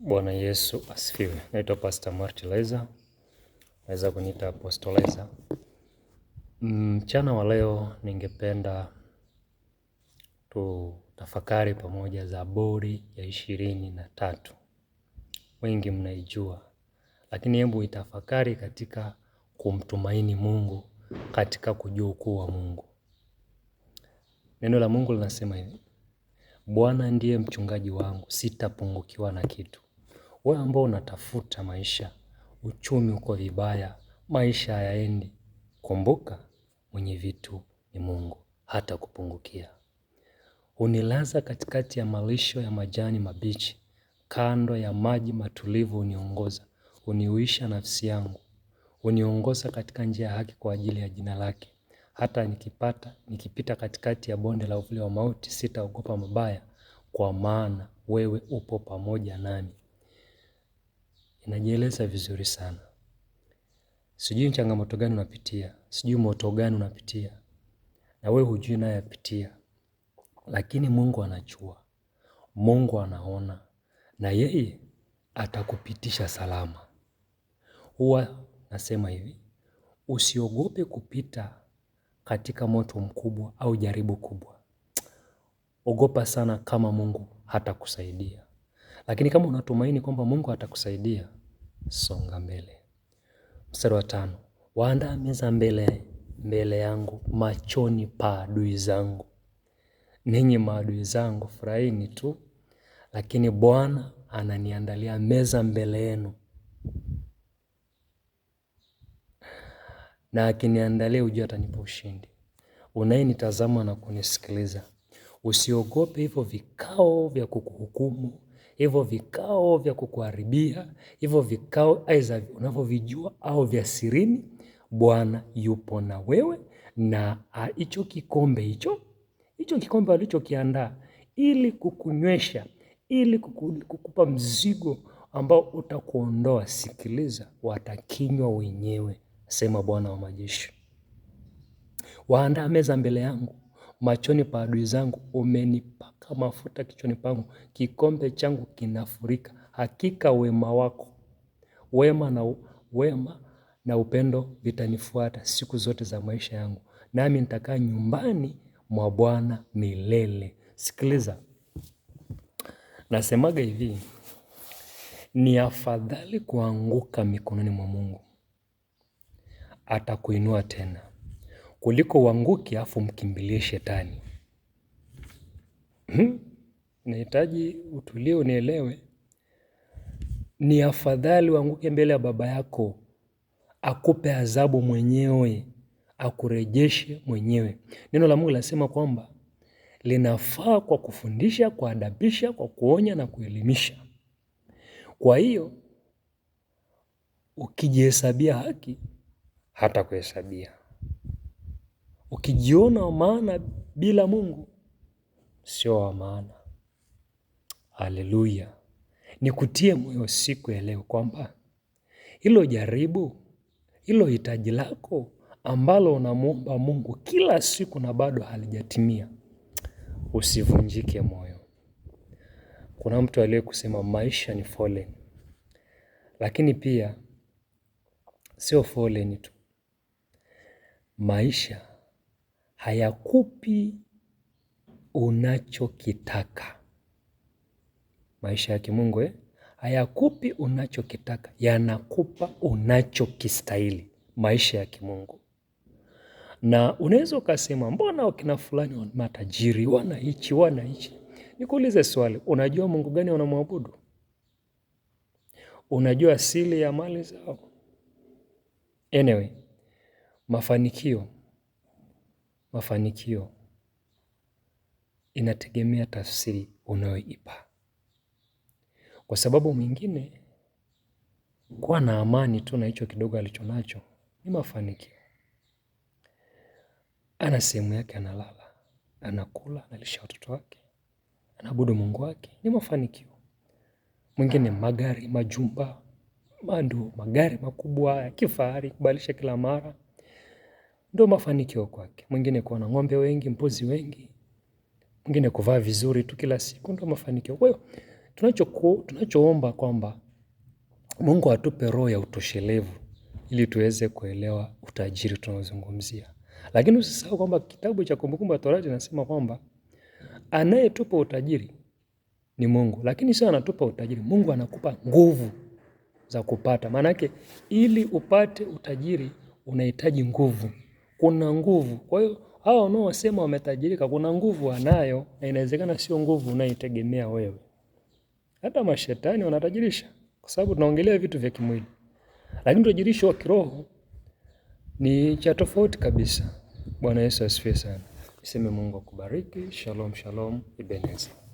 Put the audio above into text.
Bwana Yesu asifiwe. Naitwa Pastor Martilizer, naweza kuniita Apostolizer. Mchana wa leo ningependa tutafakari pamoja Zaburi ya ishirini na tatu. Wengi mnaijua, lakini hebu itafakari katika kumtumaini Mungu, katika kujua ukuu wa Mungu. Neno la Mungu linasema hivi: Bwana ndiye mchungaji wangu, sitapungukiwa na kitu wewe ambao unatafuta maisha, uchumi uko vibaya, maisha hayaendi, kumbuka mwenye vitu ni Mungu, hata kupungukia. Unilaza katikati ya malisho ya majani mabichi, kando ya maji matulivu uniongoza, uniuisha nafsi yangu, uniongoza katika njia ya haki kwa ajili ya jina lake. Hata nikipata nikipita katikati ya bonde la uvuli wa mauti, sitaogopa mabaya, kwa maana wewe upo pamoja nami inajieleza vizuri sana. Sijui changamoto gani unapitia, sijui moto gani unapitia, na wewe hujui nayapitia, lakini Mungu anajua, Mungu anaona, na yeye atakupitisha salama. Huwa nasema hivi, usiogope kupita katika moto mkubwa au jaribu kubwa. Ogopa sana kama Mungu hatakusaidia, lakini kama unatumaini kwamba Mungu atakusaidia, songa mbele. Mstari wa tano, waandaa meza mbele mbele yangu machoni pa adui zangu. Ninyi maadui zangu, furahini tu, lakini Bwana ananiandalia meza mbele yenu, na akiniandalia, ujue atanipa ushindi. Unayenitazama na kunisikiliza, usiogope hivyo vikao vya kukuhukumu hivyo vikao vya kukuharibia, hivyo vikao aidha unavyovijua au vya sirini. Bwana yupo na wewe, na ah, hicho kikombe hicho hicho kikombe alichokiandaa ili kukunywesha, ili kukupa mzigo ambao utakuondoa, sikiliza, watakinywa wenyewe, asema Bwana wa majeshi. Waandaa meza mbele yangu machoni pa adui zangu, umenipaka mafuta kichoni pangu, kikombe changu kinafurika. Hakika wema wako wema na, wema na upendo vitanifuata siku zote za maisha yangu, nami nitakaa nyumbani mwa Bwana milele. Sikiliza, nasemaga hivi, ni afadhali kuanguka mikononi mwa Mungu, atakuinua tena kuliko uanguke afu mkimbilie shetani. Hmm? Nahitaji utulie unielewe. Ni afadhali uanguke mbele ya baba yako akupe adhabu mwenyewe akurejeshe mwenyewe. Neno la Mungu linasema kwamba linafaa kwa kufundisha, kuadabisha, kwa kuonya na kuelimisha. Kwa hiyo ukijihesabia haki hata kuhesabia Ukijiona wa maana bila Mungu, sio wa maana. Haleluya! Nikutie moyo siku ya leo kwamba hilo jaribu, hilo hitaji lako ambalo unamwomba Mungu kila siku na bado halijatimia, usivunjike moyo. Kuna mtu aliye kusema maisha ni foleni, lakini pia sio foleni tu, maisha hayakupi unachokitaka. Maisha ya kimungu eh? hayakupi unachokitaka, yanakupa unachokistahili. Maisha ya kimungu na unaweza ukasema mbona wakina fulani wa matajiri wana hichi wana hichi. Nikuulize swali, unajua Mungu gani anamwabudu Unajua asili ya mali zao? Anyway, mafanikio mafanikio inategemea tafsiri unayoipa, kwa sababu mwingine kuwa na amani tu na hicho kidogo alichonacho ni mafanikio. Ana sehemu yake, analala, anakula, analisha watoto wake, anaabudu Mungu wake, ni mafanikio. Mwingine magari, majumba, mandu, magari makubwa ya kifahari, kubadilisha kila mara ndio mafanikio kwake. Mwingine kuwa na ng'ombe wengi, mbuzi wengi, mwingine kuvaa vizuri tu kila siku, ndio mafanikio. Kwa hiyo tunachoku tunachoomba kwamba Mungu atupe roho ya utoshelevu ili tuweze kuelewa utajiri tunaozungumzia. Lakini usisahau kwamba kitabu cha Kumbukumbu la Torati inasema kwamba anayetupa utajiri ni Mungu, lakini sio anatupa utajiri, Mungu anakupa nguvu za kupata. Maanake ili upate utajiri unahitaji nguvu kuna nguvu. Kwa hiyo hao wanaosema wametajirika, kuna nguvu anayo, na inawezekana sio nguvu unaitegemea wewe. Hata mashetani wanatajirisha, kwa sababu tunaongelea vitu vya kimwili, lakini utajirisho wa kiroho ni cha tofauti kabisa. Bwana Yesu asifiwe sana. Niseme Mungu akubariki. Shalom, shalom, Ebenezer.